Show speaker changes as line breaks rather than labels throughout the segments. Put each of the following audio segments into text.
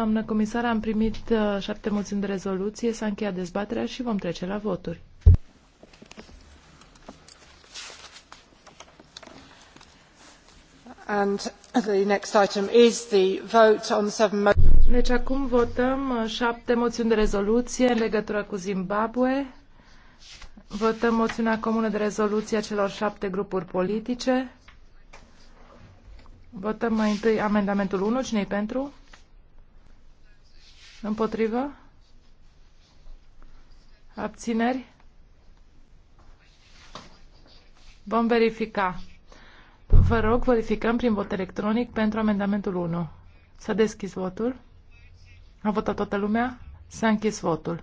Doamnă comisar, am primit uh, șapte moțiuni de rezoluție, s-a încheiat dezbaterea și vom trece la voturi. And the next item is the vote on seven... Deci acum votăm uh, șapte moțiuni de rezoluție în legătură cu Zimbabwe. Votăm moțiunea comună de rezoluție a celor șapte grupuri politice. Votăm mai întâi amendamentul 1. Cine-i pentru? Împotrivă? Abțineri? Vom verifica. Vă rog, verificăm prin vot electronic pentru amendamentul 1. S-a deschis votul. A votat toată lumea? S-a închis votul.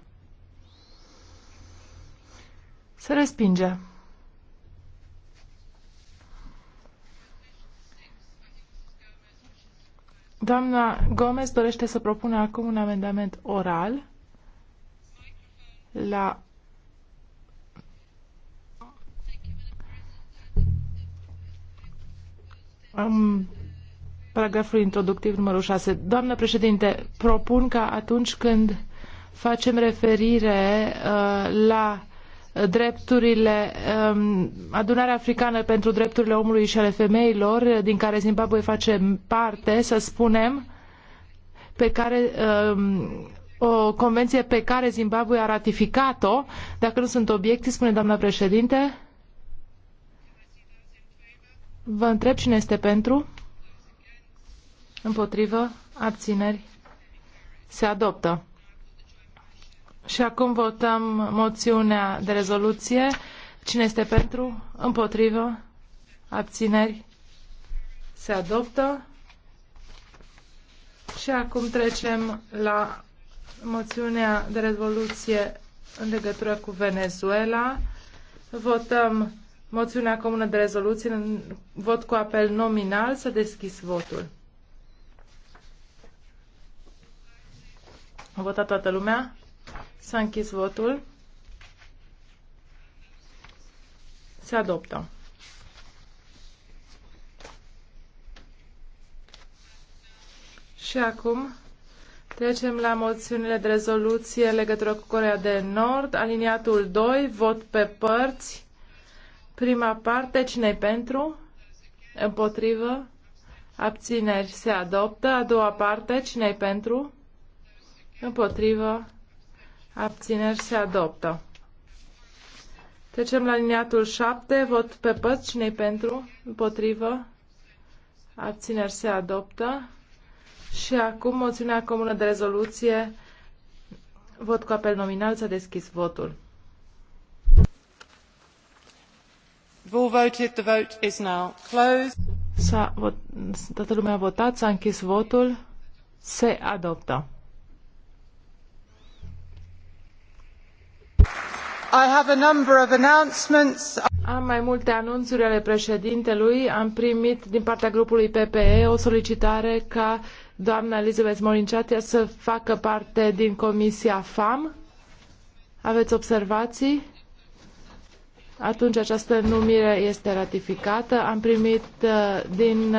Se respinge. Doamna Gomez dorește să propună acum un amendament oral la um, paragraful introductiv numărul 6. Doamnă președinte, propun ca atunci când facem referire uh, la drepturile, um, adunarea africană pentru drepturile omului și ale femeilor, din care Zimbabwe face parte, să spunem, pe care um, o convenție pe care Zimbabwe a ratificat-o, dacă nu sunt obiectii, spune doamna președinte. Vă întreb cine este pentru? Împotrivă? Abțineri? Se adoptă. Și acum votăm moțiunea de rezoluție. Cine este pentru? Împotrivă? Abțineri? Se adoptă. Și acum trecem la moțiunea de rezoluție în legătură cu Venezuela. Votăm moțiunea comună de rezoluție în vot cu apel nominal. Să deschis votul. A votat toată lumea? S-a închis votul. Se adoptă. Și acum trecem la moțiunile de rezoluție legătură cu Corea de Nord. Aliniatul 2, vot pe părți. Prima parte, cine pentru? Împotrivă? Abțineri se adoptă. A doua parte, cine pentru? Împotrivă? Abțineri se adoptă. Trecem la liniatul 7. Vot pe păți. cine pentru? Împotrivă? Abțineri se adoptă. Și acum moțiunea comună de rezoluție. Vot cu apel nominal. S-a deschis votul. S-a, vot, toată lumea a votat, s-a închis votul, se adoptă. Am mai multe anunțuri ale preedintelui Am primit din partea grupului PPE o solicitare ca doamna Elizabeth Morinciatia să facă parte din Comisia FAM. Aveți observații? Atunci această numire este ratificată. Am primit uh, din